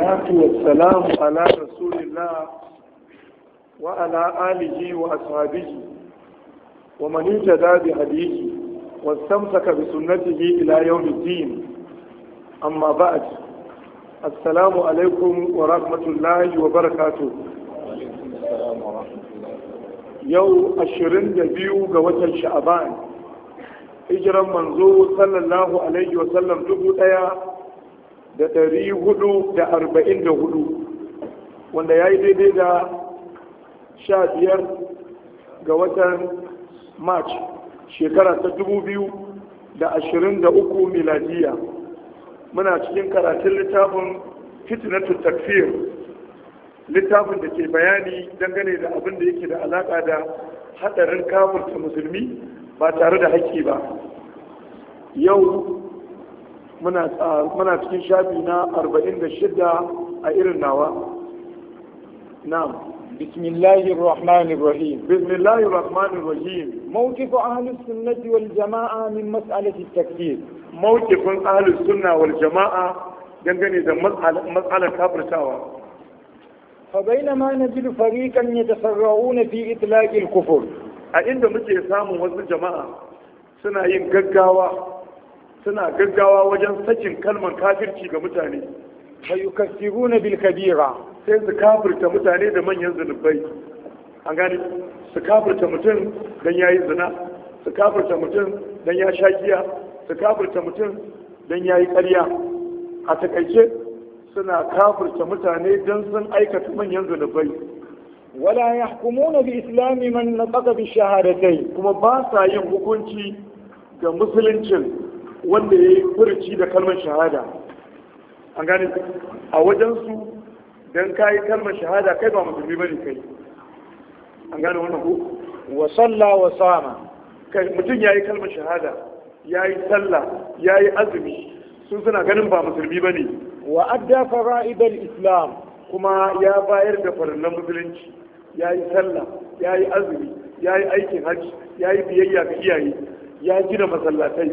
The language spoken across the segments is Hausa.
salatu wa salamu ala rasulillah wa ala alihi wa ashabihi wa man jada bi hadisi wa stamsaka bi sunnatihi ila yawmi din amma ba'd assalamu alaikum wa rahmatullahi wa barakatuh wa rahmatullahi yau 22 ga watan Sha'aban. hijran manzo sallallahu alaihi wa sallam dubu ɗaya. da ɗari hudu da arba'in da hudu wanda ya yi daidai da sha biyar ga watan march shekara ta dubu biyu da ashirin da uku miladiya muna cikin karatun littafin fitnatu takfir littafin da ke bayani dangane da abin da yake da alaƙa da haɗarin kafurta musulmi ba tare da haƙƙi ba yau muna cikin shafi na 46 a irin nawa na'am bismillahir rahmanir rahim bismillahir rahmanir rahim mawqif ahli sunnati wal jamaa min mas'alati at-takfir mawqif ahli sunna wal dangane da mas'alar kafirtawa فبينما نجد فريقا يتفرعون في اطلاق الكفر عند متى wasu jama'a, suna yin gaggawa. suna gaggawa wajen sakin kalman kafirci ga mutane fayukassiruna bil kabira sai su kafirta mutane da manyan zunubai an gani su kafirta mutum dan yayi zina su kafirta mutum dan ya shakiya su kafirta mutum dan yayi ƙarya a takaice suna kafirta mutane dan sun aikata manyan zunubai wala yahkumuna bi islami man naṭaqa bi shahadatayn kuma ba sa yin hukunci ga musuluncin wanda ya yi furici da kalmar shahada an gane a wajensu don ka yi kalmar shahada kai ba musulmi ba ne kai an gane wannan ko wa salla wa sama mutum ya yi kalmar shahada ya yi sallah ya yi azumi sun suna ganin ba musulmi ba ne wa adda fara'idar islam kuma ya bayar da farillan musulunci ya yi sallah ya yi azumi ya yi aikin hajji ya yi biyayya ga iyaye ya gina masallatai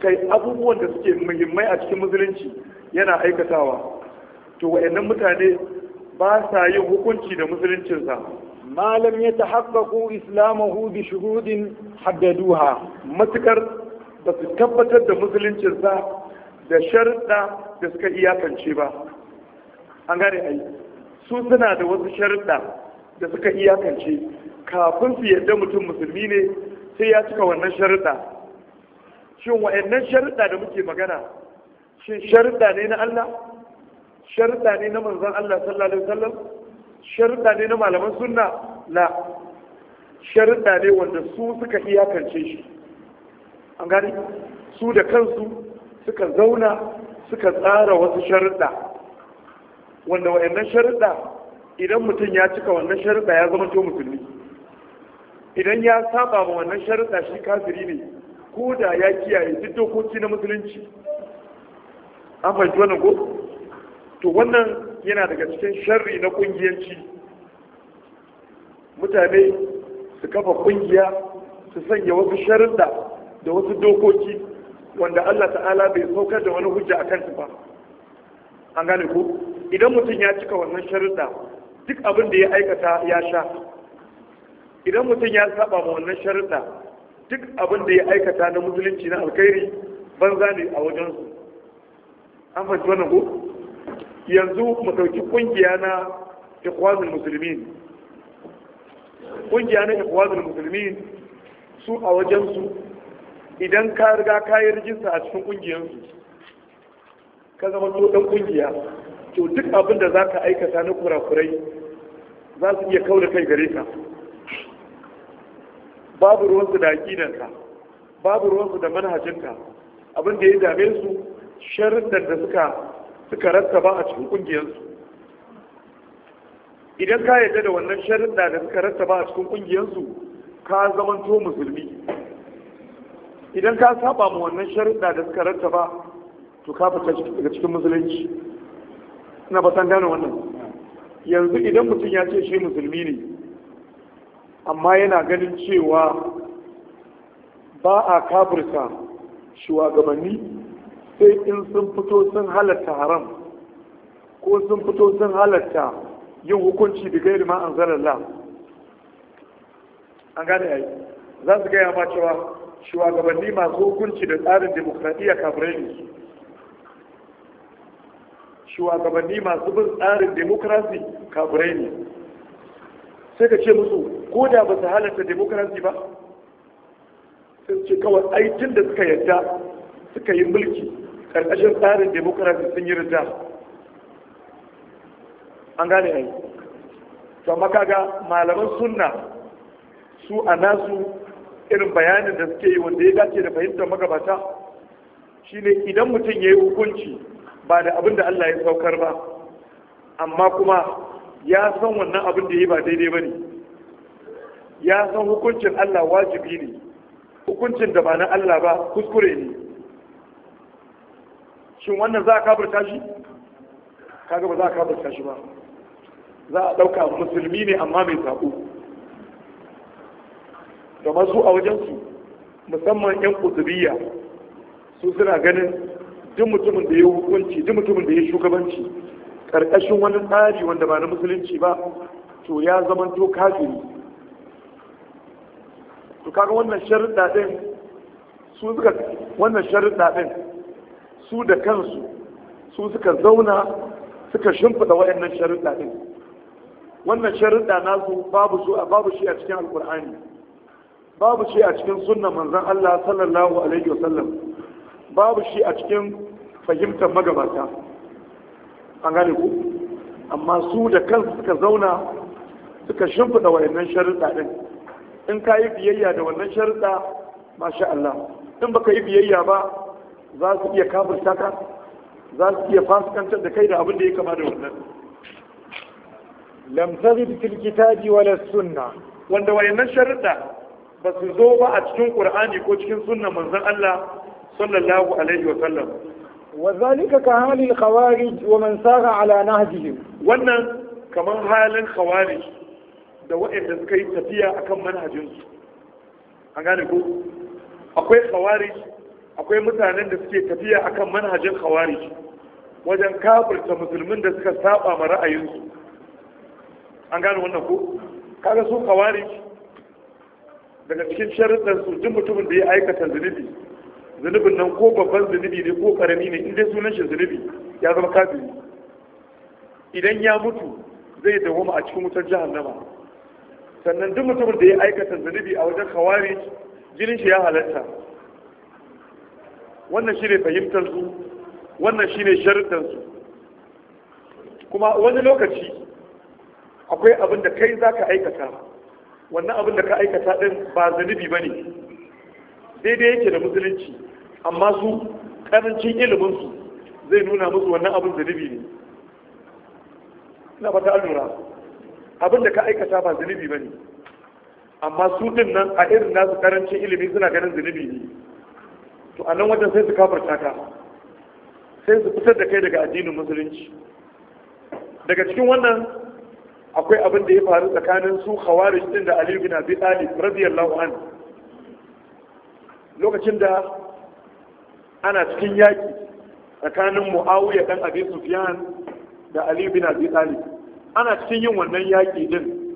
kai abubuwan da suke muhimmai a cikin musulunci yana aikatawa to wayannan mutane ba sa yin hukunci da musuluncinsa malam ya tahaqqaqu islamahu bi shuhudin haddaduha matukar ba su tabbatar da musuluncinsa da sharuɗa da suka iyakance ba an gane ai su suna da wasu sharuɗa da suka iyakance kafin su yadda mutum musulmi ne sai ya cika wannan sharuɗa shin wa'annan sharuɗa da muke magana shin sharuɗa ne na Allah sharuɗa ne na manzon Allah sallallahu alaihi wasallam sharuɗa ne na malaman sunna la sharuɗa ne wanda su suka iyakance shi an gani su da kansu suka zauna suka tsara wasu sharuɗa wanda wa'annan sharuɗa idan mutum ya cika wannan sharuɗa ya zama to musulmi idan ya saba ma wannan sharuɗa shi kafiri ne ko da ya kiyaye duk dokoki na musulunci an fahimci wannan ko to wannan yana daga cikin sharri na kungiyanci mutane su kafa kungiya su sanya wasu sharuɗa da wasu dokoki wanda Allah ta'ala bai saukar da wani hujja a kansu ba an gane ku idan mutum ya cika wannan sharuɗa duk abin da ya aikata ya sha idan mutum ya saba ma wannan sharuɗa duk abin da ya aikata na musulunci na alkhairi banza ne a wajensu an fahimci wannan ko yanzu mu ɗauki ƙungiya na ikhwanul musulmin ƙungiya na ikhwanul musulmin su a wajensu idan ka riga ka yi rijista a cikin ƙungiyarsu ka zama to kungiya, ƙungiya to duk abin da za ka aikata na kurakurai za su iya kau kai gare ka babu ruwansu da aƙidanka babu ruwansu da manhajinka abin da ya dame su sharuɗan da suka suka ba a cikin ƙungiyarsu idan ka yarda da wannan sharuɗa da suka ba a cikin ƙungiyarsu ka zamanto musulmi idan ka saba mu wannan sharuɗa da suka ba, to ka fita daga cikin musulunci ina ba san gane wannan yanzu idan mutum ya ce shi musulmi ne amma yana ganin cewa ba a kafirta shugabanni sai in sun fito sun halatta haram ko sun fito sun halatta yin hukunci da gairi ma an la an gane yayi za su gaya ma cewa shugabanni masu hukunci da tsarin demokradiyya kafirai ne shugabanni masu bin tsarin demokrasi kafirai ne sai ka ce musu ko da ba su halarta demokarasi ba sun ce kawai aikin da suka yadda suka yi mulki ƙarƙashin tsarin demokarasi sun yi rida an gane ne to makaga malaman sunna su a nasu irin bayanin da suke yi wanda ya dace da fahimtar magabata shine idan mutum ya yi hukunci ba da abin da Allah ya saukar ba amma kuma ya san wannan abin da yi ba daidai ba ne ya san hukuncin Allah wajibi ne hukuncin da ba na Allah ba kuskure ne shin wannan za a kabar shi kaga ba za a kabar shi ba za a ɗauka musulmi ne amma mai saƙo da masu a wajensu musamman 'yan kutubiyya su suna ganin duk mutumin da ya hukunci duk mutumin da ya shugabanci ƙarƙashin wani tsari wanda ba na musulunci ba to ya zama to kafiri to kaga wannan sharuɗa ɗin su suka wannan sharuɗa ɗin su da kansu su suka zauna suka shimfida waɗannan sharuɗa ɗin wannan sharuɗa su babu su a babu shi a cikin alƙur'ani babu shi a cikin sunnan manzon Allah sallallahu alaihi wasallam babu shi a cikin fahimtar magabata an gane ku amma su da kansu suka zauna suka shimfiɗa wayannan sharuɗa ɗin in ka yi biyayya da wannan sharuɗa masha Allah in baka yi biyayya ba za su iya kafirta ka za su iya fasikantar da kai da abin da ya kama da wannan lam tazid fil kitabi wala sunna wanda wayannan sharuɗa ba su zo ba a cikin qur'ani ko cikin sunnan manzon Allah sallallahu alaihi wa sallam wa zalika ka halil khawarij wa man sara ala nahjihim wannan kamar halin khawarij da waɗanda suka yi tafiya akan manhajinsu an gane ko akwai khawarij akwai mutanen da suke tafiya akan manhajin khawarij wajen kafirta musulmin da suka saba ma ra'ayinsu an gane wannan ko kaga su khawarij daga cikin sharuɗan su duk mutumin da ya aikata zunubi zunubin nan ko babban zunubi ne ko karami ne in dai sunan shi zunubi ya zama kafiri idan ya mutu zai dawoma a cikin wutar jahannama sannan duk mutumin da ya aikata zunubi a wajen kawari jinin shi ya halatta wannan shine fahimtar su wannan shine sharuɗan su kuma wani lokaci akwai abin da kai zaka aikata wannan abin da ka aikata din ba zunubi bane daidai yake da musulunci amma su karancin ilimin su zai nuna musu wannan abin zunubi ne ina fata allura abin da ka aikata ba zunubi ne. amma su din nan a irin nasu karancin ilimi suna ganin zunubi ne to a nan wajen sai su kafarta ka sai su fitar da kai daga addinin musulunci daga cikin wannan akwai abin da ya faru tsakanin su khawarij din da Ali bin Abi Talib radiyallahu anhu lokacin da ana cikin yaƙi tsakanin mu'awiyar dan abi sufyan da ali bin abi talib ana cikin yin wannan yaƙi din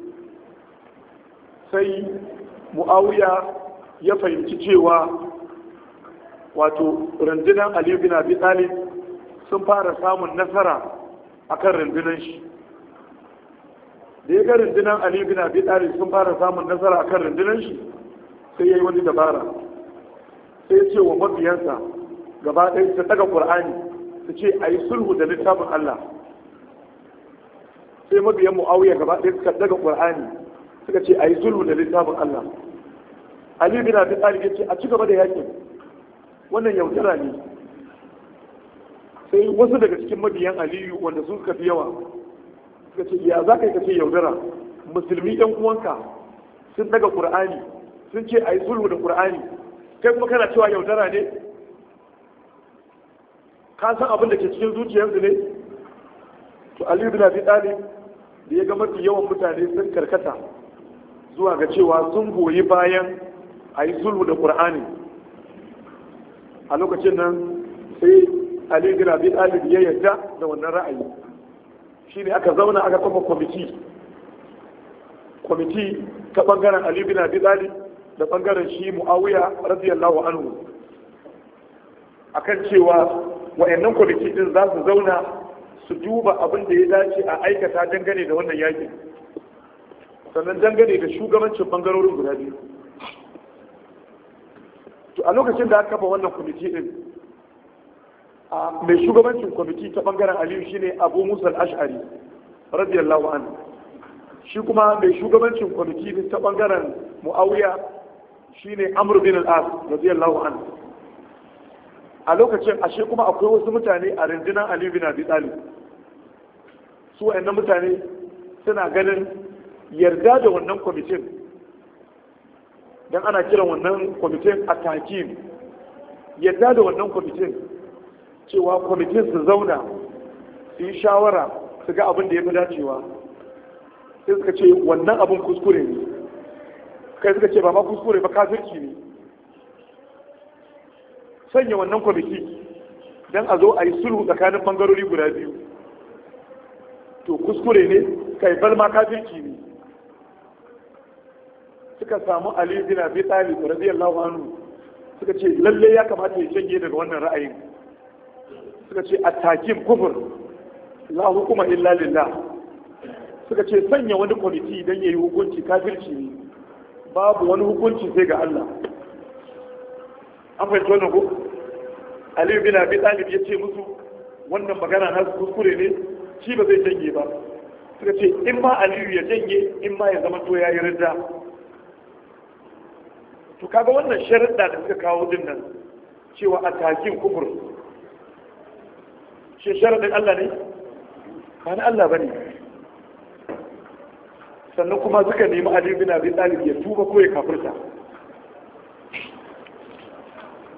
sai mu'awiyar ya fahimci cewa wato rundunar ali bin abi talib sun fara samun nasara akan rundunar shi da ya ga rundunar ali bin abi talib sun fara samun nasara akan rundunar shi sai ya yi wani dabara sai ce wa mabiyansa gaba ɗaya su daga qur'ani su ce a yi sulhu da littafin Allah sai mabiyan muawiya gaba ɗaya suka daga qur'ani suka ce a yi sulhu da littafin Allah ali bin abi talib ya ce a ci gaba da yakin wannan yaudara ne sai wasu daga cikin mabiyan aliyu wanda sun suka fi yawa suka ce ya za ka yi ka ce yaudara musulmi ɗan uwanka sun daga qur'ani sun ce a yi sulhu da qur'ani kai kuma kana cewa yaudara ne ka san abin da ke cikin zuciyarsu ne to ali bin abi talib da ya ga mafi yawan mutane sun karkata zuwa ga cewa sun goyi bayan a yi sulhu da qur'ani a lokacin nan sai ali bin abi talib ya yarda da wannan ra'ayi shine aka zauna aka kafa kwamiti kwamiti ta bangaren ali bin abi talib da bangaren shi muawiya radiyallahu anhu akan cewa wa'annan kwamiti din za su zauna su duba abin da ya dace a aikata dangane da wannan yakin sannan dangane da shugabancin bangarorin guda biyu to a lokacin da aka kafa wannan kwamiti din a mai shugabancin kwamiti ta bangaren aliyu shine abu musa al-ash'ari radiyallahu anhu shi kuma mai shugabancin kwamiti ta bangaren muawiya shine amr bin al'as as radiyallahu anhu a lokacin ashe kuma akwai wasu mutane a rinjinan Ali bin Abi Talib su wayannan mutane suna ganin yarda da wannan kwamitin dan ana kiran wannan kwamitin a takim yarda da wannan kwamitin cewa kwamitin su zauna su yi shawara su ga abin da ya fi dacewa sai suka ce wannan abin kuskure ne kai suka ce ba ma kuskure ba kafirci ne sanya wannan kwamiti don a zo a yi sulhu tsakanin bangarori guda biyu to kuskure ne kai balma kafirci ne suka samu ali bin abi talib radiyallahu anhu suka ce lalle ya kamata ya janye daga wannan ra'ayin suka ce attakin kufur la hukuma illa lillah suka ce sanya wani kwamiti don yayi hukunci kafirci ne babu wani hukunci sai ga Allah an fahimci wannan hukunci aliyu bin abi talib ya ce musu wannan magana na kuskure ne shi ba zai janye ba suka ce in ma aliyu ya janye in ma ya zama to ya yi ridda to kaga wannan sharuɗa da suka kawo din nan cewa a takin kufur shi sharuɗin Allah ne ba na Allah ba ne sannan kuma suka nemi aliyu bin abi talib ya tuba ko ya kafirta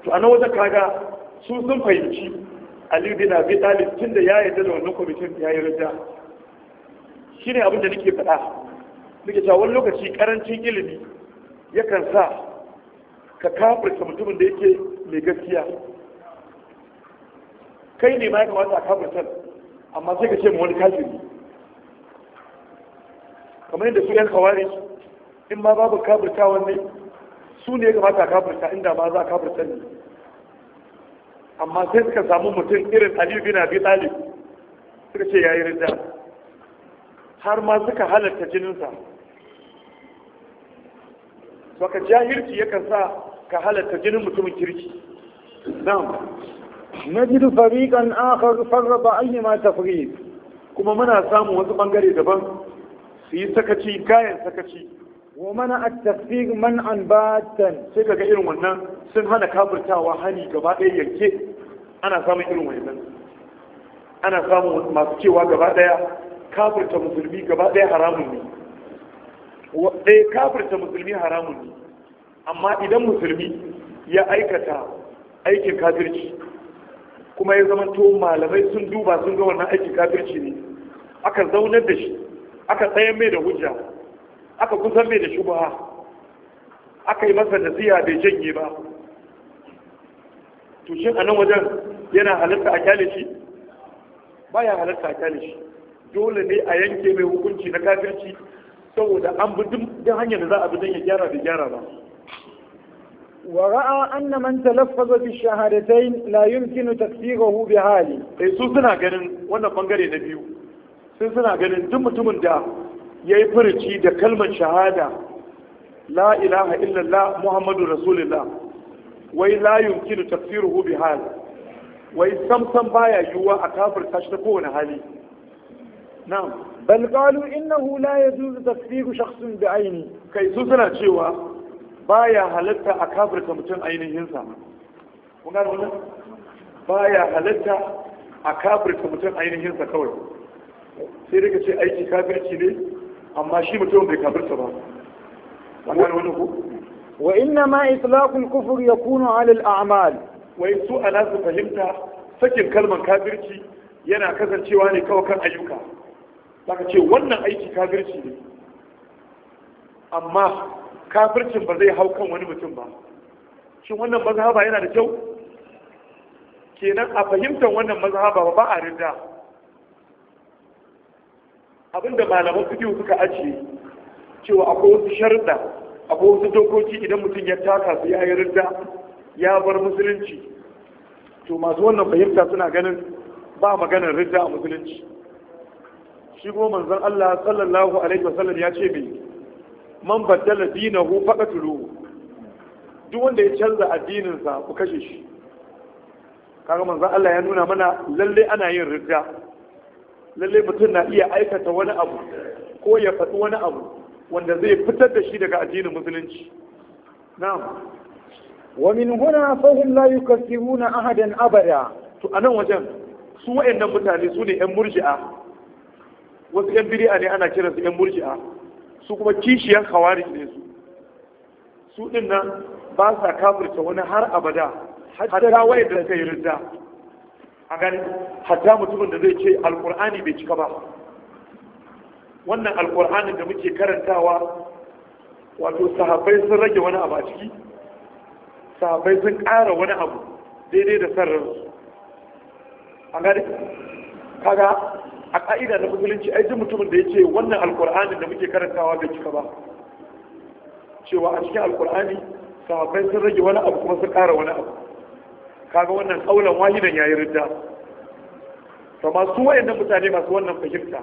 to a nan wajen kaga su sun fahimci aliyu bin abi talib tun da ya yi da wannan kwamitin ya yi rajja shi ne abin da nake faɗa nake cewa wani lokaci karancin ilimi yakan sa ka kafirta mutumin da yake mai gaskiya kai ne ma ya kamata a kafirta amma sai ka ce ma wani kafiri kamar yadda su yan kawari in ma babu kafirta wanne su ne ya kamata a kafirta inda ma za a kafirta ne amma sai suka samu mutum irin aliyu na bi talib suka ce yi rida har ma suka halatta jininsa baka jahilci yakan sa ka halatta jinin mutumin kirki na'am najidu fariqan akhar farraba ayyama tafriq kuma muna samun wasu bangare daban su yi sakaci kayan sakaci wa mana a tafi man an batan sai kaga irin wannan sun hana kafurtawa hani gaba ɗaya yanke ana samun irin wannan ana samun masu cewa gaba ɗaya kafurta musulmi gaba ɗaya haramun ne ɗaya eh, kafurta musulmi haramun ne amma idan musulmi ya aikata aikin kafirci kuma ya zama to malamai sun duba sun ga wannan aikin kafirci ne aka zaunar da shi aka tsayan mai da hujja aka kusan mai da shubha aka yi masa siya bai janye ba to shin a nan wajen yana halatta a kyale shi ya halatta a kyale shi dole ne a yanke mai hukunci na kafirci saboda an bi duk hanyar da za a bi don ya gyara bai gyara ba ورأى أن من تلفظ بالشهادتين لا يمكن تكفيره suna إيه سوسنا bangare وانا biyu. نبيو. سوسنا ganin دم تمن da. ya yi furici da kalmar shahada la ilaha illallah muhammadu rasulullah wai la yumkinu tafsiruhu bi hal wai samsam baya yiwuwa a kafir tashi ta kowane hali na'am bal qalu innahu la yajuzu tafsiru shakhsin bi aini kai su suna cewa baya halatta a ka mutum ainihin sa kun ga wannan baya halatta a ka mutum ainihin sa kawai sai daga ce aiki kafirci ne amma shi mutum bai kafirta ba wannan wani ku wa inna ma itlaqul kufr yakunu ala al a'mal wa in su ala su fahimta sakin kalmar kafirci yana kasancewa ne kawai kan ayyuka zaka ce wannan aiki kafirci ne amma kafircin ba zai hau kan wani mutum ba shin wannan mazhaba yana da kyau kenan a fahimtar wannan mazhaba ba a rinda abinda malaman fikihu suka ajiye cewa akwai wasu sharuɗa akwai wasu dokoki idan mutum ya taka su ya ridda ya bar musulunci to masu wannan fahimta suna ganin ba maganar ridda a musulunci shi kuma manzon Allah sallallahu alaihi wasallam ya ce mai man baddala dinahu faqatulu duk wanda ya canza addininsa ku kashe shi kaga manzon Allah ya nuna mana lalle ana yin ridda Lallai mutum na iya aikata wani abu ko ya faɗi wani abu wanda zai fitar da shi daga addinin musulunci na'am wa min huna fahum la yukaffiruna ahadan abada to anan wajen su wayannan mutane su ne yan murji'a wasu yan bid'a ne ana kiransu yan murji'a su kuma kishiyan khawarij ne su su din ba sa kafirta wani har abada hatta wayanda suka yi a gani hatta mutumin da zai ce alkur'ani bai cika ba wannan alkur'anin da muke karantawa wato sahabbai sun rage wani abu a ciki sahabbai sun ƙara wani abu daidai da sarrarsu a gani kaga a ƙa'ida na musulunci ai mutumin da ya ce wannan alkur'anin da muke karantawa bai cika ba cewa a cikin alkur'ani sahabbai sun rage wani abu kuma sun ƙara wani abu kaga wannan kaulan wahidan yayi ridda to masu wayannan mutane masu wannan fahimta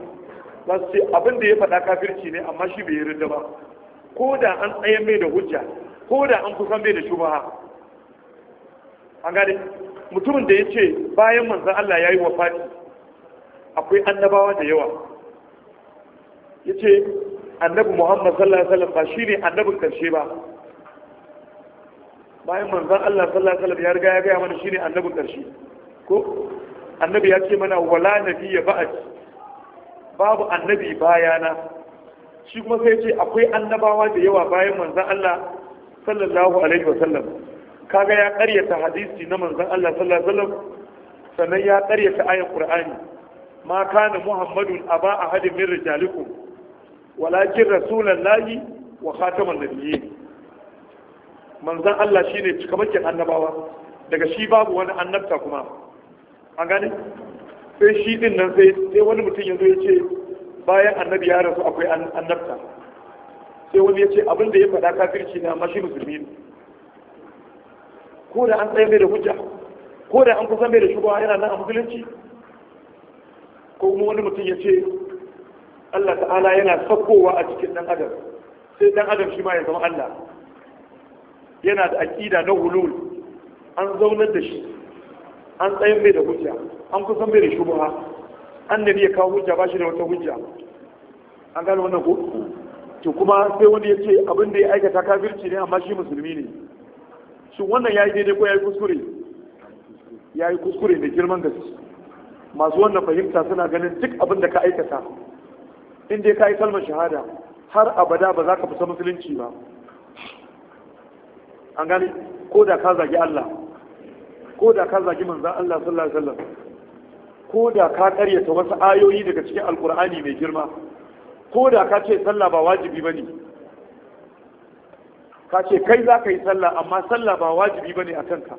za su ce abin da ya faɗa kafirci ne amma shi bai yi ridda ba ko da an tsaye mai da hujja ko da an kusan mai da shubaha an gane mutumin da ya ce bayan manzan Allah ya yi wafati akwai annabawa da yawa ya ce annabi muhammad sallallahu alaihi wasallam ba shi ne annabin karshe ba bayan manzan Allah sallallahu alaihi ya riga ya gaya mana shine annabin karshe ko annabi ya ce mana wala nabiyya ba'd babu annabi bayana shi kuma sai ce akwai annabawa da yawa bayan manzan Allah sallallahu alaihi wasallam kaga ya karyata hadisi na manzan Allah sallallahu alaihi wasallam sannan ya karyata ayan Qur'ani ma kana muhammadun aba ahadin min rijalikum walakin rasulallahi wa khataman nabiyyin manzan Allah shine cikamakin annabawa daga shi babu wani annabta kuma an gane sai shi din nan sai sai wani mutum yanzu ya ce bayan annabi ya rasu akwai annabta sai wani ya ce abin da ya faɗa kafirci na mashi musulmi ne ko da an tsaye da hujja ko da an kusan mai da shugaba yana nan a musulunci ko kuma wani mutum ya ce Allah ta'ala yana sakkowa a cikin dan adam sai dan adam shi ma ya zama Allah yana da aƙida na hulul an zaunar da shi an tsayin mai da hujja an kusan mai da shubuha annabi ya kawo hujja ba shi da wata hujja an gane wannan ko to kuma sai wani ya ce abin da ya aikata kafirci ne amma shi musulmi ne shin wannan yayi daidai ko yayi kuskure yayi kuskure da girman gaske masu wannan fahimta suna ganin duk abin da ka aikata in dai ka yi kalmar shahada har abada ba za ka fita musulunci ba an gane ko da ka zagi Allah ko da ka zagi manzo Allah sallallahu alaihi wasallam ko da ka karyata wasu ayoyi daga cikin alkur'ani mai girma ko da ka ce sallah ba wajibi ba ne ka ce kai za ka yi sallah amma sallah ba wajibi ba ne a kanka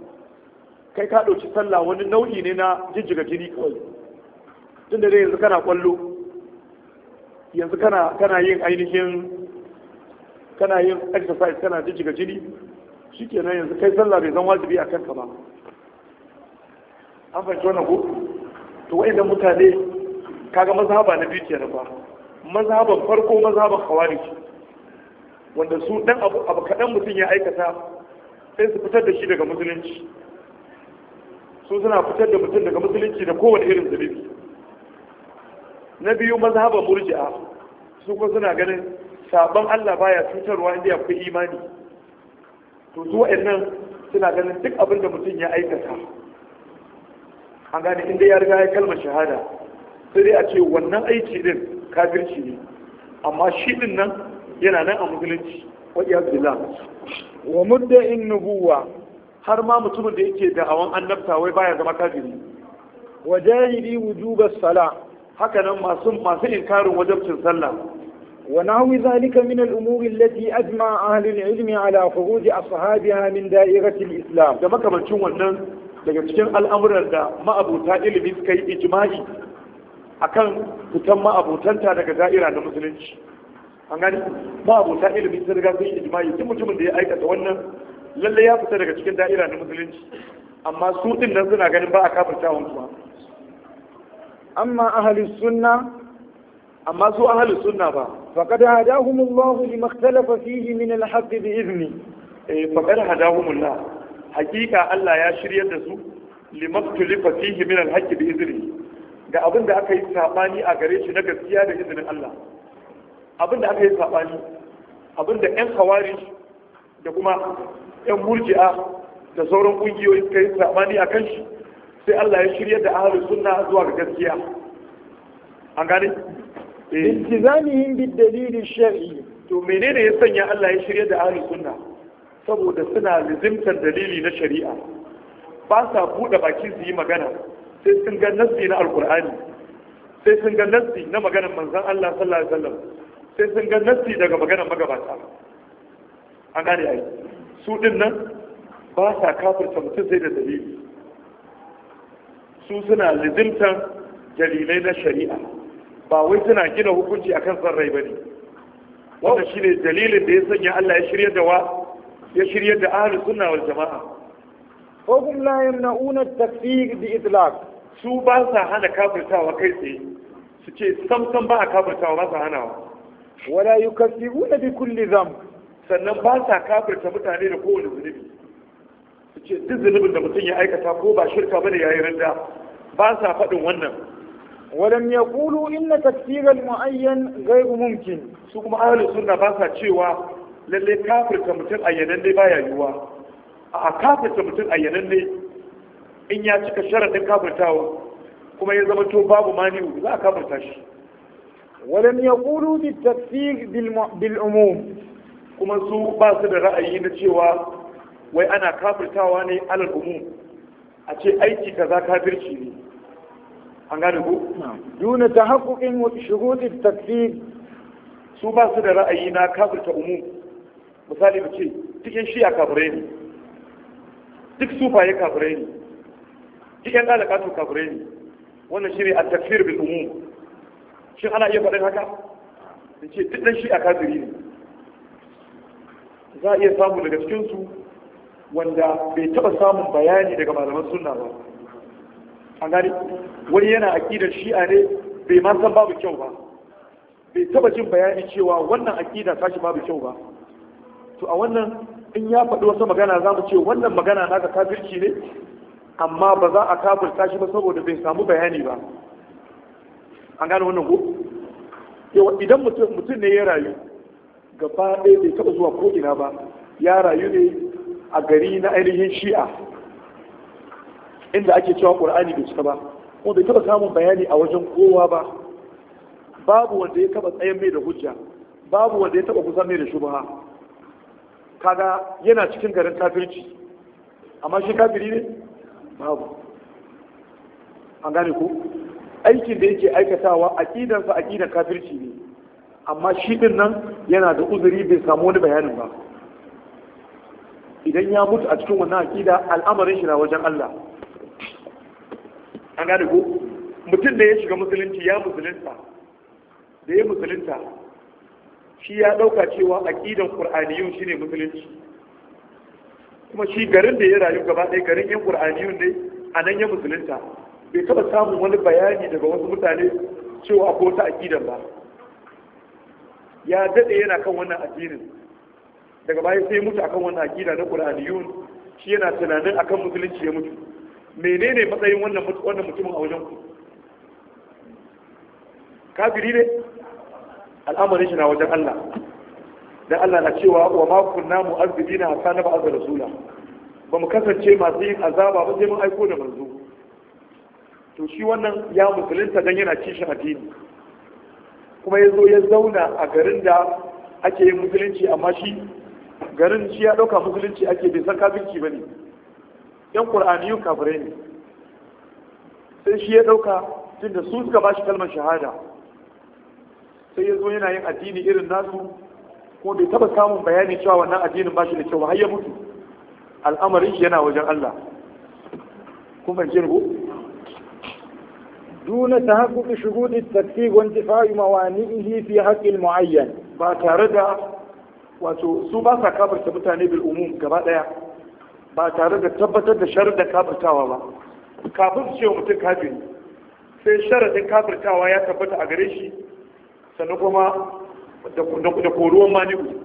kai ka ɗauki sallah wani nau'i ne na jijjiga jini kawai tun da dai yanzu kana kwallo yanzu kana yin ainihin kana yin exercise kana jijjiga jini shi ke nan yanzu kai sallah bai zan wajibi a kanka ba an fahimci wannan ko to wa idan mutane kaga mazhaba na biyu kenan ba mazhaban farko mazhaban khawarij wanda su dan abu abu kadan mutum ya aikata sai su fitar da shi daga musulunci su suna fitar da mutum daga musulunci da kowane irin zunubi na biyu mazhaban murji'a su kuma suna ganin sabon Allah baya cutarwa inda akwai imani to su wa'annan suna ganin duk abin da mutum ya aikata an gane inda ya riga ya kalmar shahada sai dai a ce wannan aiki din kafirci ne amma shi din nan yana nan a musulunci iya zila wa mudda in nubuwa har ma mutumin da yake da awan annabta wai baya zama kafiri wa jahili wujuba sala hakanan nan masu masu inkarin wajabcin sallah ونحو ذلك من الأمور التي أجمع أهل العلم على خروج أصحابها من دائرة الإسلام كما كما تشون daga cikin al'amuran da ma'abuta ilimi suka yi ijma'i akan fitan ma'abutanta daga da'ira musulunci an gani ma'abuta ilimi sun riga sun yi ijma'i duk mutumin da ya aikata wannan lalle ya fita daga cikin da'ira na musulunci amma su din suna ganin ba a kafirta amma su ahalus sunna ba فقد هداهم الله لما اختلف فيه من الحق بإذنه فقد هداهم الله حقيقة الله يا شريعة دسو لما اختلف فيه من الحق بإذنه da abin da aka yi saɓani a gare shi na gaskiya da izinin Allah abin da aka yi saɓani, abin da 'yan khawarij da kuma 'yan murji'a da sauran ƙungiyoyi suka yi saɓani a kan shi sai Allah ya shirya da ahlus sunna zuwa ga gaskiya an gane Eh. intizamihim bid dalil shar'i to menene ya sanya Allah ya shirya da ahli sunna saboda suna lizimtar dalili na shari'a ba sa buɗe baki su yi magana sai sun ga nassi na Alƙur'ani, sai sun ga nassi na maganar manzon Allah sallallahu alaihi wasallam sai sun ga nassi daga maganar magabata an gane ai su din nan ba sa kafirta mutum sai da dalili su suna lizimtar dalilai na shari'a ba wai suna gina hukunci a kan san ba ne. wanda shine dalilin da ya sanya Allah ya shirya da wa ya shirya da sunna wal jamaa ko kun la yamnauna at bi idlaq su ba sa hana kafirtawa kai tsaye su ce samsam ba a kafirtawa ba sa hanawa wala yukaffiruna bi kulli dhanb sannan ba sa kafirta mutane da kowane zunubi su ce duk zunubin da mutum ya aikata ko ba shirka bane yayin randa ba sa faɗin wannan ولم يقولوا إن تكفير المعين غير ممكن سكم أهل السنة باسا تشيوا للي كافر كمتن أينن لي بايا يوا كافر كمتن أينن لي إن ياتيك شرط كافر تاو كما يزمتو باب مانيو لا كافر تاشي ولم يقولوا بالتكفير بالم... بالعموم كما سو باسا برأيي نتشيوا وأنا كافر تاواني على العموم أتي أيتي كذا كافر تشيني an gane ku duna ta haƙoƙin da takfir su ba su da ra'ayi na ta umu misali mu ce cikin shiya kafirai ne duk sufaye kafirai ne ɗan da ɗalakatu kafirai ne wannan shi ne a takfir bin umu shin ana iya faɗin haka in ce duk ɗan a kafiri ne za a iya samu daga cikinsu wanda bai taɓa samun bayani daga malaman sunna ba wani yana akidar shi'a ne bai ma san babu kyau ba bai taba jin bayani cewa wannan akida ta shi babu kyau ba to a wannan in ya faɗi wasu magana za mu ce wannan magana naka kafirci ne amma ba za a kafirta shi ba saboda bai samu bayani ba an gane wannan ko yawa idan mutum ne ya rayu gaba ɗaya bai taɓa zuwa ko ba ya rayu ne a gari na ainihin shi'a inda ake cewa qur'ani bai cika ba kuma bai taba samun bayani a wajen kowa ba babu wanda ya taba tsayen mai da hujja babu wanda ya taba kusan mai da shubha kaga yana cikin garin kafirci amma shi kafiri ne babu an gane ku aikin da yake aikatawa aqidansa aqidan kafirci ne amma shi din nan yana da uzuri bai samu wani bayanin ba idan ya mutu a cikin wannan aqida al'amarin shi na wajen Allah an gane ko mutum da ya shiga musulunci ya musulunta da ya musulunta shi ya ɗauka cewa aƙidan ƙur'aniyun shi ne musulunci kuma shi garin da ya rayu gaba ɗaya garin yan ƙur'aniyun ne a nan ya musulunta bai taɓa samun wani bayani daga wasu mutane cewa ko ta aƙidan ba ya daɗe yana kan wannan addinin daga baya sai mutu akan wannan aƙida na ƙur'aniyun shi yana tunanin akan musulunci ya mutu menene matsayin wannan wannan mutumin a wajen ku kafiri ne al'amarin shi na wajen Allah dan Allah na cewa wa ma kunna mu'azzibina hatta na ba'da rasula ba mu kasance masu yin azaba ba sai mun aiko da manzo to shi wannan ya musulunta dan yana kishin addini kuma ya zo ya zauna a garin da ake yin musulunci amma shi garin shi ya ɗauka musulunci ake bai san kafirci ba ne yan qur'aniyun kafirai ne sai shi ya ɗauka tunda su suka bashi kalmar shahada sai ya zo yana yin addini irin nasu ko bai taɓa samun bayanin cewa wannan addinin bashi da kyau har ya mutu al'amarin shi yana wajen Allah kun fahimce ni ko دون تحقق شروط التكفير وانتفاع موانئه في حق المعين ba tare da wato su ba sa kabarta mutane bil umum gaba ɗaya. ba tare da tabbatar da da kafirtawa ba kafin su ce mutum kafin, sai da kafirtawa ya tabbata a gare shi sannan kuma da koruwan mani'u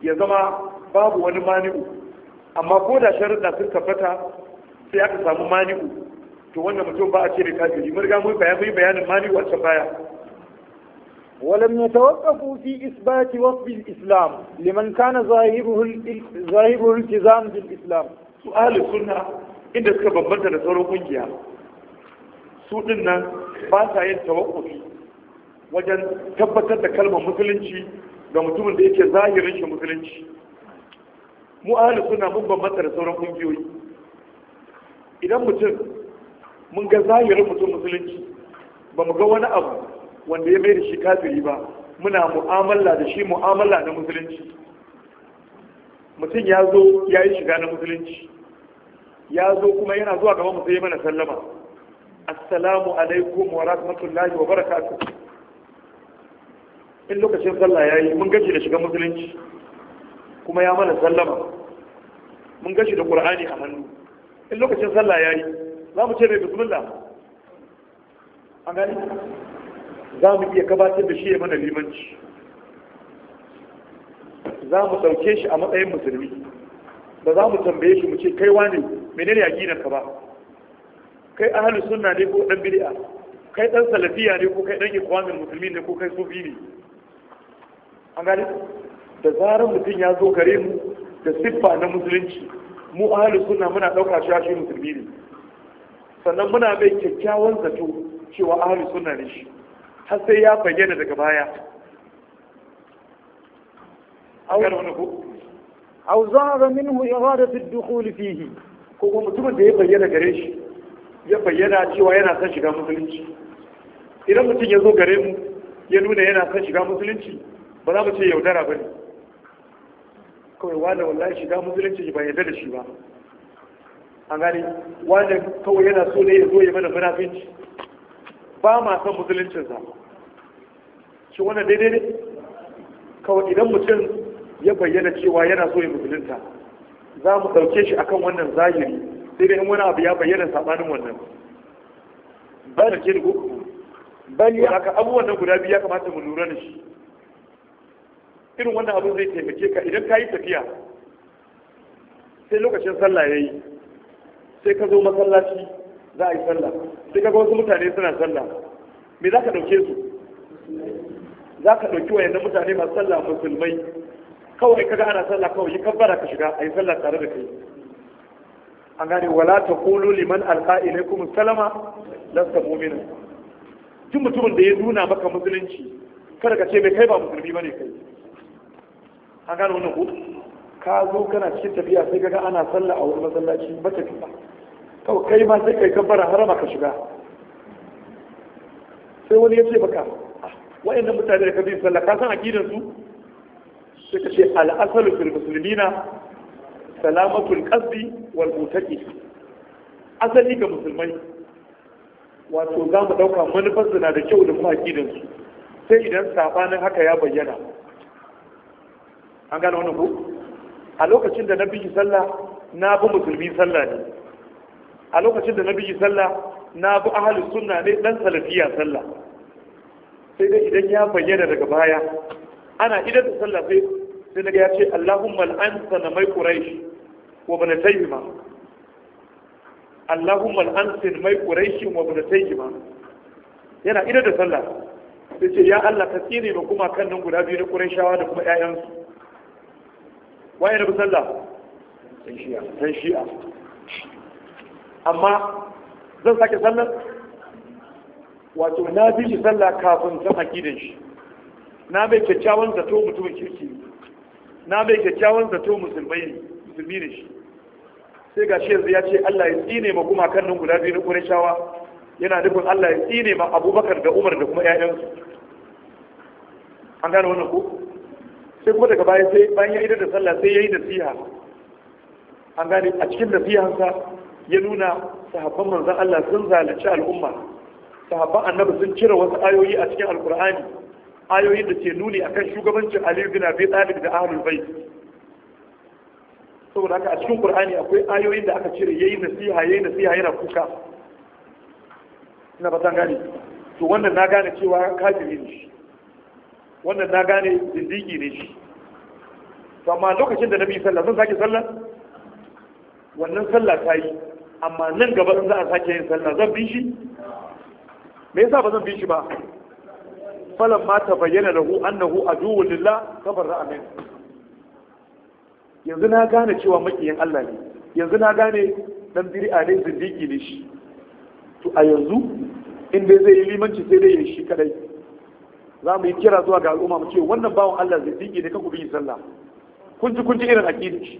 ya zama babu wani mani'u amma ko da da sun tabbata sai aka samu mani'u to wannan mutum ba a ce da kafiri mun riga mun bayan mun bayanin mani'u a can baya ولم يتوقفوا في إثبات وصف الإسلام لمن كان ظاهره ظاهره الالتزام بالإسلام سؤال السنة إن سكب بنت نسورة قنجيا سؤالنا باسا يتوقفي wajen tabbatar da kalmar musulunci ga mutumin da yake zahirin shi musulunci mu ahli suna mun bambanta da sauran kungiyoyi idan mutum mun ga zahirin mutum musulunci ba mu ga wani abu wanda ya mai da shi kafiri ba muna mu'amala da shi mu'amala na musulunci mutum ya zo ya yi shiga na musulunci ya zo kuma yana zuwa gaba mu sai mana sallama assalamu alaikum wa rahmatullahi wa barakatuh in lokacin sallah ya yi mun gaji da shiga musulunci kuma ya mana sallama mun gashi da qur'ani a hannu in lokacin sallah ya yi za mu ce mai bismillah an gani za mu iya gabatar da shi ya mana limanci za mu ɗauke shi a matsayin musulmi ba za mu tambaye shi mu ce kai wane menene ka ba kai ahlus sunna ne ko dan bid'a kai dan salafiya ne ko kai dan ikwamin musulmi ne ko kai sufi ne an gani da zarar mutum ya zo gare mu da siffa na musulunci mu ahlus sunna muna dauka shi shi musulmi ne sannan muna mai kyakkyawan zato cewa ahlus sunna ne shi har sai ya bayyana daga baya أو ظهر Ko إرادة mutumin da ya bayyana gare shi ya bayyana cewa yana son shiga musulunci idan mutum ya zo gare mu ya nuna yana son shiga musulunci ba za mu ce yaudara ba ne kawai wanda wallahi shiga musulunci ba ya da shi ba an gani. wanda kawai yana so ne ya zo ya mana munafinci ba ma son musuluncinsa shi wannan daidai ne kawai idan mutum ya bayyana cewa yana so ya musulunta za mu ɗauke shi akan wannan zahiri sai dai in wani abu ya bayyana saɓanin wannan ba da ke ko bal ya haka abubuwan nan guda biyu ya kamata mu lura da shi irin wannan abin zai taimake ka idan ka yi tafiya sai lokacin sallah ya yi sai ka zo masallaci za a yi sallah sai ka ga wasu mutane suna sallah me za ka ɗauke su za ka ɗauki yadda mutane masu sallah musulmai kawai kaga ana sallah kawai yi kabbara ka shiga a yi sallah tare da kai an gane wala ta kulu liman alka kuma salama lasta mu'mina duk mutumin da ya nuna maka musulunci kada ka ce bai kai ba musulmi ba ne kai an gane wannan ku ka zo kana cikin tafiya sai kaga ana sallah a wani masallaci ba ta kifa kawai kai ma sai kai kabbara harama ka shiga sai wani ya ce baka ah, wa'annan mutane da kafin sallah ka san aqidan su Suka ce al'asalu fil muslimina salamatul qasdi wal mutaqi asali ga musulmai wato za mu dauka manufar na da kyau da kuma aqidan su sai idan sabanin haka ya bayyana an gane wannan ko a lokacin da na bi sallah na bi musulmi sallah ne a lokacin da na bi sallah na bi ahlus sunna ne dan salafiya sallah sai dai idan ya bayyana daga baya ana idan da sallah sai sai daga ya ce Allahumma al'ansa na mai quraish wa Tayyima Allahumma al'ansa na mai quraish wa Tayyima yana idan da sallah sai ce ya Allah ka tsire ba kuma kan nan guda biyu na quraishawa da kuma su waye na sallah san shi'a san shi'a amma zan sake sallar wato na bi shi sallah kafin san akidan shi na bai kyakkyawan zato mutumin kirki na bai kyakkyawan zato musulmai ne musulmi ne shi sai ga shi yanzu ya ce Allah ya tsine ma kuma kan nan guda biyu na Qurayshawa yana nufin Allah ya tsine ma Abubakar da Umar da kuma ƴaƴansu an gane wannan ko sai kuma daga baya sai bayan ya idar da sallah sai ya da nasiha an gane a cikin nasihansa ya nuna sahabban manzon Allah sun zalunci al'umma sahabban annabi sun cire wasu ayoyi a cikin alkur'ani ayoyin da ke nuni akan shugabancin ali bin abi talib da ahlul bait saboda haka a cikin qur'ani akwai ayoyin da aka cire yayi nasiha yayi nasiha yana kuka ina fatan gane to wannan na gane cewa kafiri ne shi wannan na gane zindigi ne shi to amma lokacin da nabi sallah sun sake sallah wannan sallah ta yi amma nan gaba in za a sake yin sallah zan bi shi me yasa ba zan bi shi ba falan ma ta bayyana lahu annahu aduwwul lillah kabar ra'amin yanzu na gane cewa makiyin Allah ne yanzu na gane dan bid'a ne zindiki ne shi to a yanzu in dai zai yi limanci sai dai ya shi kadai za mu yi kira zuwa ga al'umma mu ce wannan bawan Allah zindiki ne kan ku bi sallah kun ji kun ji irin aqidar shi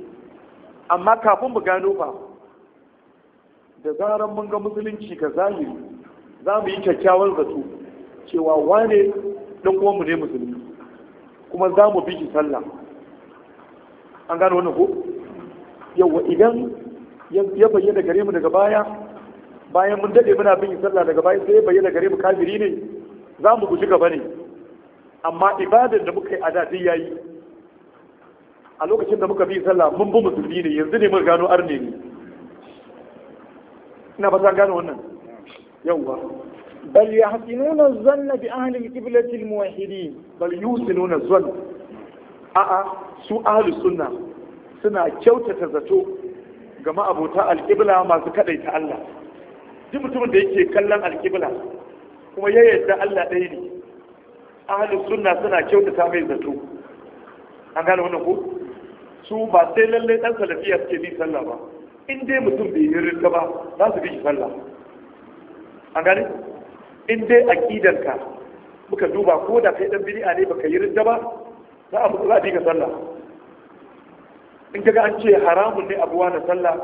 amma kafin mu gano fa da zaran mun ga musulunci ka zahiri za mu yi kyakkyawar zato cewa wane dan mu ne musulmi kuma za mu bi shi sallah an gano wannan ko yawa idan ya bayyana gare mu daga baya bayan mun dade muna bin sallah daga baya sai ya bayyana gare mu kafiri ne za mu guji gaba ne amma ibadar da muka yi a da yayi a lokacin da muka bi sallah mun bi musulmi ne yanzu ne mun gano arne ne ina ba gano wannan yawwa bal yahsinuna zanna bi ahli al-qiblati al-muwahhidin bal yusinuna a a'a su ahli sunna suna kyautata zato ga ma'abota alƙibla masu ta Allah duk mutumin da yake kallon alƙibla kuma ya yarda Allah ɗaya ne ahli sunna suna kyautata mai zato an gane wannan ko su ba sai lallai ɗan salafiya suke bi sallah ba in dai mutum bai yi rinka ba za su bi shi sallah an gani in dai ƙidanka muka duba ko da kai dan bid'a ne baka yi rinda ba za a mutu zafi a sallah in kaga an ce haramun ne abuwa na sallah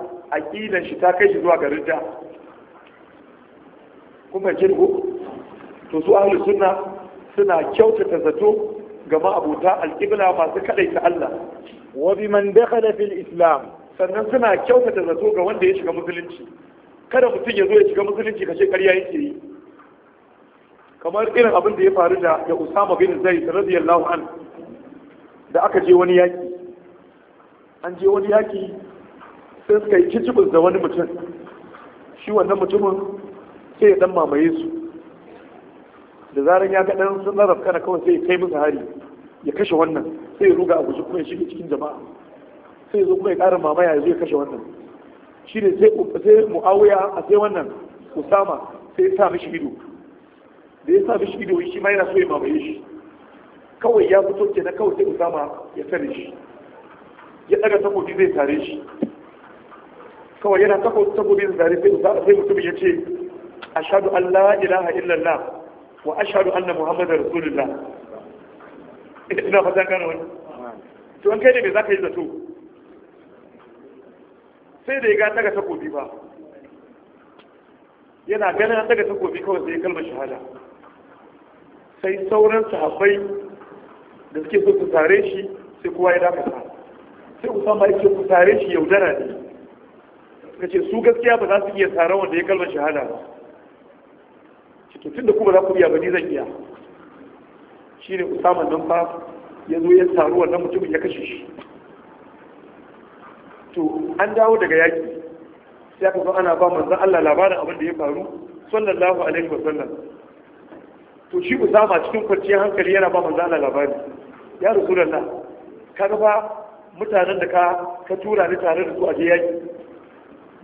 ƙidan shi ta kai shi zuwa ga rinda kuma jirgo to su ahlus sunna suna kyautata zato ga abuta alƙibla masu ta Allah wa man dakhala fil islam sannan suna kyautata zato ga wanda ya shiga musulunci kada mutum ya zo ya shiga musulunci kashe ƙarya yake yi kamar irin abin da ya faru da ya Usama bin da radiyallahu an da aka je wani yaki an je wani yaki sai suka yi kicibus da wani mutum shi wannan mutumin sai ya dan mamaye su da zaran ya ga sun zarar kana kawai sai ya kai musu hari ya kashe wannan sai ya ruga a guji kuma ya shiga cikin jama'a sai ya zo kuma ya ƙara mamaya ya zo ya kashe wannan shi ne sai mu'awiya a sai wannan usama sai sa mishi ido da ya sa mishi ido shi ma yana so ya mamaye shi kawai ya fito ke na kawai sai usama ya tare shi ya daga takobi zai tare shi kawai yana takobi zai tare sai usama sai mutum ya ce ashhadu an la ilaha illallah wa ashhadu anna muhammadar rasulullah ina fata gane wani to an kai ne me zaka yi zato sai da ya ga daga takobi ba yana ganin daga takobi kawai sai ya kalmar shahada sai sauran sahabbai da suke so su tare shi sai kowa ya dakata sai usama ya ke ku tare shi yaudara ne Ka ce su gaskiya ba za su iya tare wanda ya kalmar shahada ba cikin tun da kuma za ku iya ba ni zan iya shi ne usama nan fa ya zo ya taru wannan mutumin ya kashe shi to an dawo daga yaƙi sai aka zo ana ba manzon Allah labarin abin da ya faru sallallahu alaihi wa sallam to shi Usama cikin kwanciyar hankali yana ba manzon Allah labari ya rasulullah kaga ba mutanen da ka ka tura ni tare da su a je yaƙi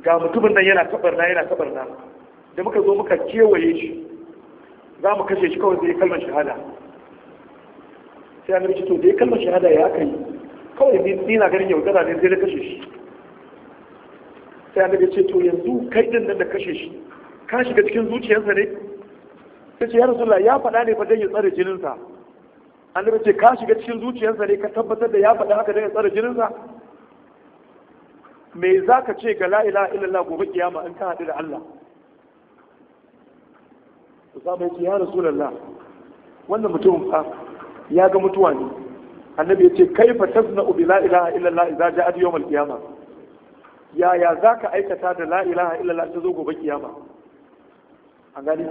ga mutumin nan yana kabarna yana kabarna da muka zo muka kewaye shi za mu kashe shi kawai zai kalmar shahada sai an rikito to da ya kalmar shahada ya aka yi kawai ni na ganin yaudara ne zai na kashe shi sai daga ce to yanzu kai din nan da kashe shi ka shiga cikin zuciyarsa ne sai ce ya rasulullah ya faɗa ne fa dai ya tsare jininsa annabi ce ka shiga cikin zuciyarsa ne ka tabbatar da ya faɗa haka dai ya tsare jininsa me za ka ce ga la'ila illallah gobe kiyama in ka haɗu da Allah Usama ya ce ya rasulullah wannan mutum fa ya ga mutuwa ne annabi ya ce kai fa tasna bi la ilaha illallah idza ja'a yawm al-qiyamah yaya za ka aikata da la'ilaha ilaha illallah ta zo gobe kiyama A gani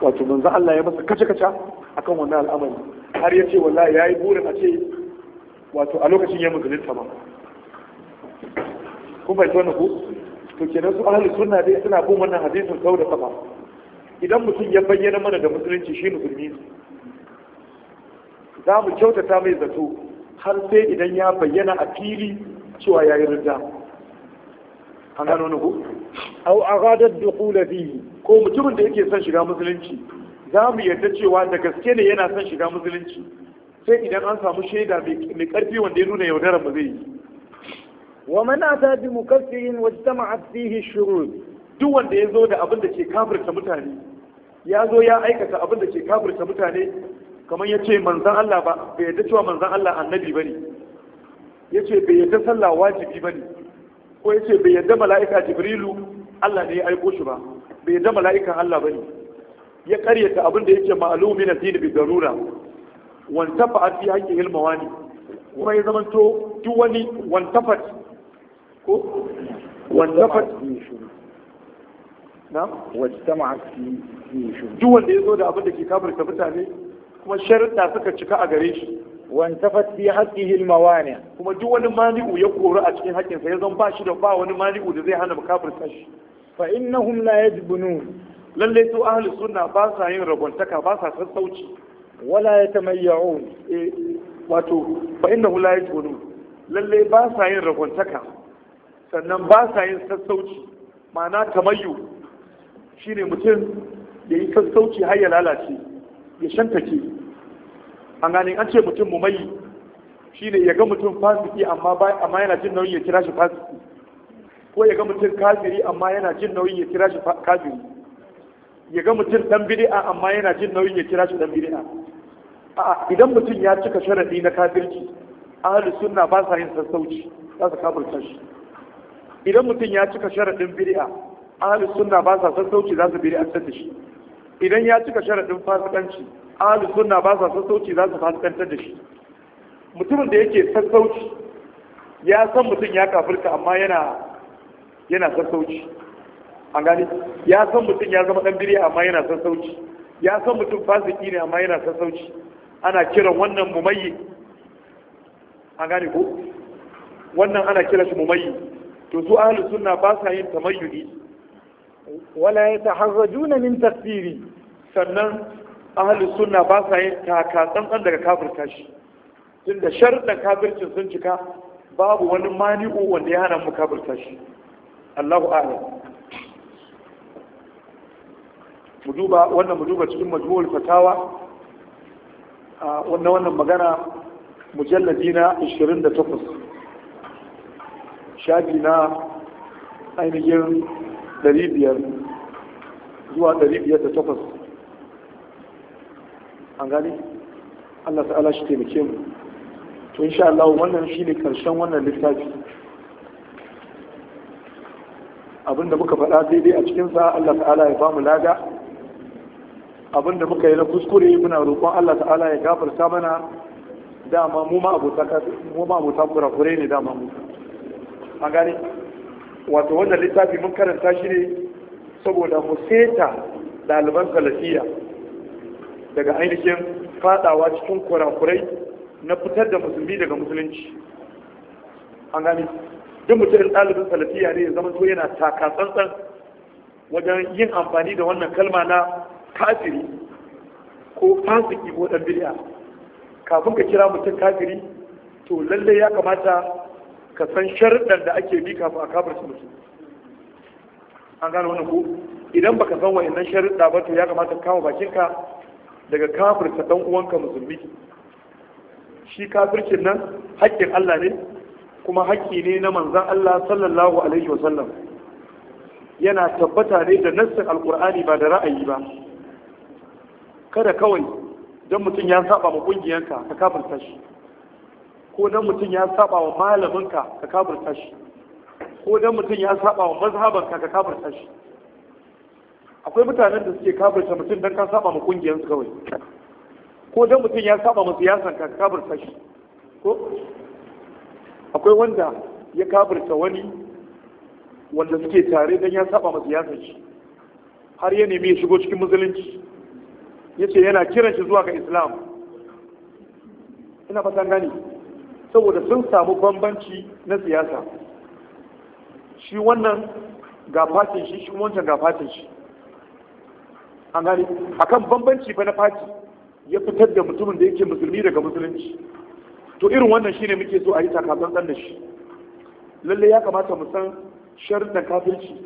wato manzo Allah ya masa kace kaca akan wannan al'amari har yace wallahi yayi burin a ce wato a lokacin ya musulunta ba kun bai tona ku to kenan su ahli sunna dai suna bin wannan hadisin sau da kafa idan mutum ya bayyana mana da musulunci shi musulmi za mu kyautata mai zato har sai idan ya bayyana a fili cewa ya yi rinda an gano ne ko aw aghadat dukhul fihi ko mutumin da yake son shiga musulunci za mu yarda cewa da gaske ne yana son shiga musulunci sai idan an samu shaida mai karfi wanda ya nuna yaudara mu zai yi wa man ata bi mukaffirin wajtama'at fihi shurud duk wanda ya zo da abin da ke kafirta mutane ya zo ya aikata abin da ke kafirta mutane kamar ya ce manzan Allah ba bai yarda cewa manzan Allah annabi ba ne ya ce bai yarda sallah wajibi ba ne ko ya ce bai yadda mala'ika jibrilu Allah ne ya aiko shi ba bai yadda mala'ikan Allah ba ne ya karyata abin da yake ma'alumi na dini bi garura. Wantafa tafa'at fi ilmawa ilmawani kuma ya zamanto duk wani wantafat, ko Wantafat. tafat na wajtama'at fi duk wanda ya zo da abin da ke kafirta mutane kuma sharuɗa suka cika a gare shi wantafat fi haqqihi almawani kuma duk wani mani'u ya kori a cikin haƙƙinsa ya zan ba shi da ba wani mani'u da zai hana kafirta shi fa innahum la yajbunun lalle su ahli sunna ba sa yin ragontaka ba sa sassauci wala yatamayyaun wato fa innahu la yajbunun lalle ba sa yin ragontaka sannan ba sa yin sassauci ma'ana tamayyu shine mutum ya yi sassauci har ya lalace ya shantake an gane an ce mutum mu mai ne ya ga mutum fasiki amma yana jin nauyin ya kira shi fasiki ko ya ga mutum kafiri amma yana jin nauyin ya kira shi kafiri ya ga mutum dan bid'a amma yana jin nauyin ya kira shi dan bid'a a'a idan mutum ya cika sharadi na kafirci ahli sunna ba sa yin sassauci za su kafirta shi idan mutum ya cika sharadin bid'a ahli sunna ba sa sassauci za su bid'a ta shi idan ya cika sharadin fasikanci ahli sunna ba sa sassauci za su fasikantar da shi mutumin da yake sassauci ya san mutum ya kafirka amma yana yana sassauci an gani ya san mutum ya zama dan biriya amma yana sassauci ya san mutum fasiki ne amma yana sassauci ana kiran wannan mumayyi an gane ko wannan ana kiran shi mumayyi to su ahlus sunna ba sa yin tamayyudi wala yataharrajuna min tafsiri sannan ahalin suna ba sa yin taka tsantsan daga kafirta shi da sharɗan kafircin sun cika babu wani mani'u wanda ya hana mu kafirta shi Allahu a'lam wannan mu duba cikin majuwar fatawa wannan wannan magana mujallabi na 28 shafi na ainihin 500 zuwa 508 an gani Allah ta'ala shi taimake mu to insha Allah wannan ne karshen wannan littafi abinda muka faɗa daidai a cikin sa Allah ta'ala ya bamu lada abinda muka yi na kuskure muna roƙon Allah ta'ala ya gafarta mana dama mu ma abota mu ma abota kurakure ne dama mu an gani wato wannan littafi mun karanta shi ne saboda mu seta ɗaliban salafiya daga ainihin fadawa cikin kurakurai na fitar da musulmi daga musulunci an gani duk mutum ɗalibin salafiya ne ya zama to yana taka tsantsan wajen yin amfani da wannan kalma na kafiri ko fasiki ko ɗan bid'a kafin ka kira mutum kafiri to lallai ya kamata ka san sharuɗan da ake bi kafin a su mutum an gano wannan ko idan baka san wa'annan sharuɗa ba to ya kamata ka kama bakinka daga kafirka dan uwanka musulmi shi kafircin nan haƙƙin Allah ne kuma haƙƙi ne na manzan Allah sallallahu alaihi wa sallam yana tabbata ne da nassin alƙur'ani ba da ra'ayi ba kada kawai don mutum ya saba ma ƙungiyarka ka kafirta shi ko don mutum ya saba wa malaminka ka kafirta shi ko don mutum ya saba wa mazhabanka ka kafirta shi akwai mutanen da suke kabarta mutum don ka saba ma kungiyarsu kawai ko don mutum ya saba ma siyasan ka kabarta shi ko akwai wanda ya kabarta wani wanda suke tare don ya saba ma siyasan shi har ya nemi ya shigo cikin musulunci ya ce yana kiran shi zuwa ga islam ina fatan gani saboda sun samu bambanci na siyasa shi wannan ga fatin shi shi wancan ga fatin shi an gane akan bambanci ba na Fati ya fitar da mutumin da yake musulmi daga musulunci to irin wannan shine muke so a yi takatsantsan da shi lalle ya kamata mu san sharuɗan kafirci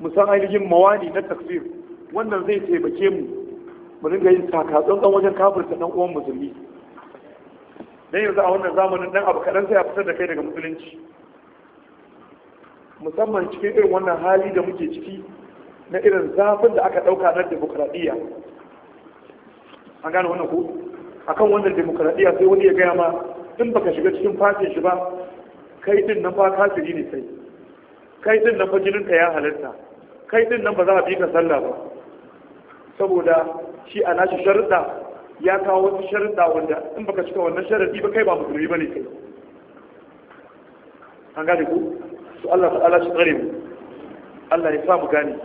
mu san ainihin mawani na takfir wannan zai taimake mu mu dinga yin takatsantsan wajen kafirta dan uwan musulmi dan yanzu a wannan zamanin dan abu kadan sai a fitar da kai daga musulunci musamman cikin irin wannan hali da muke ciki na irin zafin da aka ɗauka na demokradiyya an gane wannan ku A kan wannan demokradiyya sai wani ya gaya ma in baka shiga cikin fashin shi ba kai din nan ba kafiri ne sai kai din nan ba jinin ka ya halarta kai din nan ba za a bi ka sallah ba saboda shi a nashi sharuɗa ya kawo wasu sharuɗa wanda in baka cika wannan sharaɗi ba kai ba musulmi ba ne kai an gane ku Su Allah ta'ala shi tsare mu Allah ya sa mu gane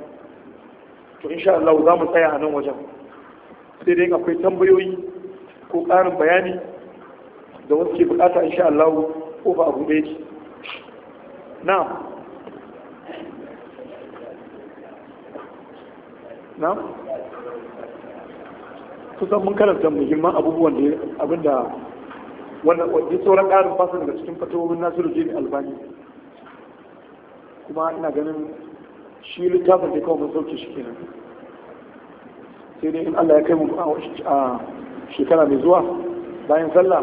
to insha Allah za mu tsaya a nan wajen sai dai akwai tambayoyi ko ƙarin bayani da wasu ke bukata insha Allah ko ba abu da yake na'am na'am kusan mun karanta muhimman abubuwan da abinda wannan wajen sauran ƙarin fasa daga cikin fatowar nasiru jini albani kuma ina ganin shi littafin da kawai mun sauke shi kenan sai dai in Allah ya kai mu a shekara mai zuwa bayan sallah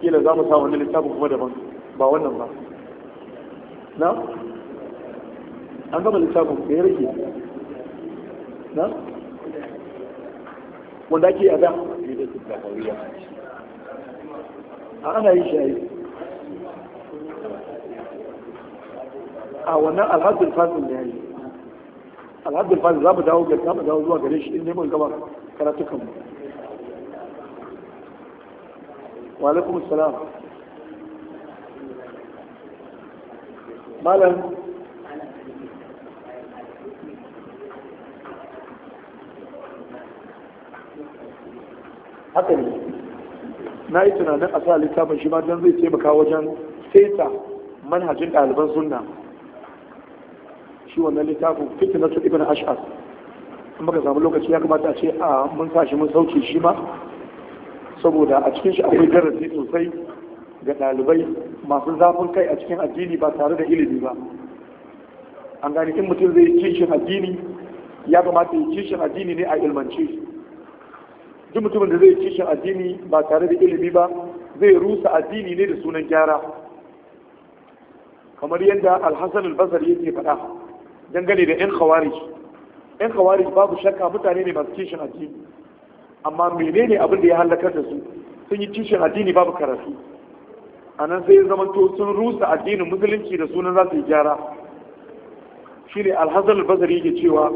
kila za mu sa wani littafin kuma daban ba wannan ba na an gama littafin da ya rage na wanda ake a a ana yi shayi a a wannan alhazin fasin da ya yi alhaddul fadil za mu dawo ga za mu dawo zuwa gare shi in neman gaba karatukan mu wa alaikum assalam malam haka ne na yi tunanin a sa littafin shi ma don zai taimaka wajen saita manhajin ɗaliban sunna shi wannan littafin su ibn ash'ar in baka samu lokaci ya kamata a ce a mun sa shi mun sauke shi ma saboda a cikin shi akwai darasi sosai ga ɗalibai masu zafin kai a cikin addini ba tare da ilimi ba an gani in mutum zai kishin addini ya kamata ya kishin addini ne a ilmance duk mutumin da zai kishin addini ba tare da ilimi ba zai rusa addini ne da sunan gyara kamar yadda alhassan albasar yake faɗa dangane da yan khawarij yan khawarij babu shakka mutane ne masu kishin addini amma menene abin da ya halakar da su sun yi kishin addini babu karatu a nan sai zama to sun rusa addinin musulunci da sunan za su yi gyara shi ne alhazal bazari ke cewa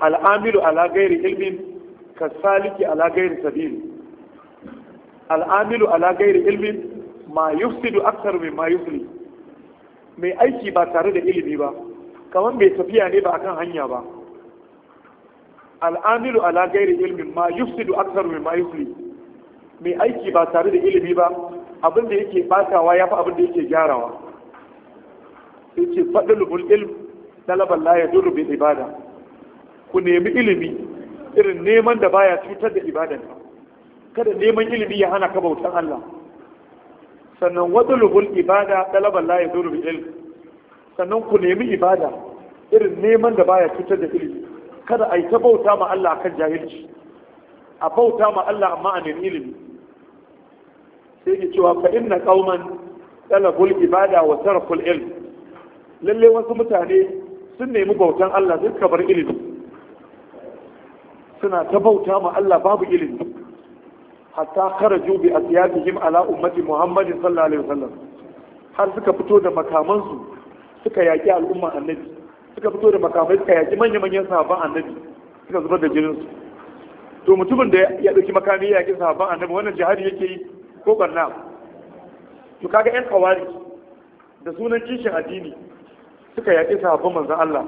al'amilu ala gairi ilmin ka saliki ala gairi sabili al'amilu ala gairi ilmin ma yufsidu aksar mai ma yufli mai aiki ba tare da ilimi ba kamar mai tafiya ne ba akan hanya ba al'amilu ala gairi ilmin ma yufsidu akthar aksar mai yufli mai aiki ba tare da ilimi ba abin da yake ya fi abin da yake gyarawa faɗi lubul ilm talaban laye yadullu bil ibada ku nemi ilimi irin neman da baya cutar da ibadan kada neman ilimi ya hana ka bautan Allah sannan lubul ibada talaban laye yadullu bil ilm sannan ku nemi ibada irin neman da baya cutar da ilimi kada a yi ta bauta ma Allah kan jahilci a bauta ma Allah amma a nemi ilimi sai ke cewa fa inna qauman talabul ibada wa tarkul ilm lalle wasu mutane sun nemi bautan Allah sai suka bar ilimi suna ta bauta ma Allah babu ilimi hatta kharaju bi asyabihim ala ummati Muhammadin sallallahu alaihi wasallam har suka fito da makamansu suka yaƙi al'umma annabi suka fito da makamai suka yaƙi manya-manyan sahabban annabi suka zubar da jinin su to mutumin da ya ɗauki makami ya yaƙi sahabban annabi wannan jihadi yake yi ko barna to kaga yan kawari da sunan kishin addini suka yaƙi sahabban manzon Allah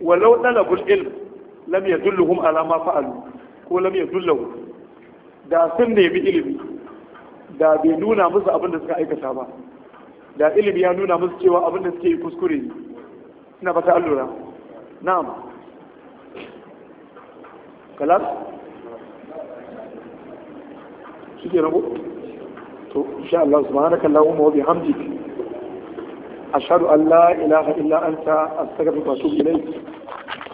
walau talabul ilm lam yadulluhum ala ma fa'alu ko lam yadullahu da sun nemi ilimi da bai nuna musu abin da suka aikata ba da ilimi ya nuna musu cewa abin da suke yi kuskure ne ina fata an lura na'am kalas shi ke rabu to insha Allah subhanaka Allahumma wa bihamdika أشهد أن لا إله إلا أنت أستغفرك وأتوب إليك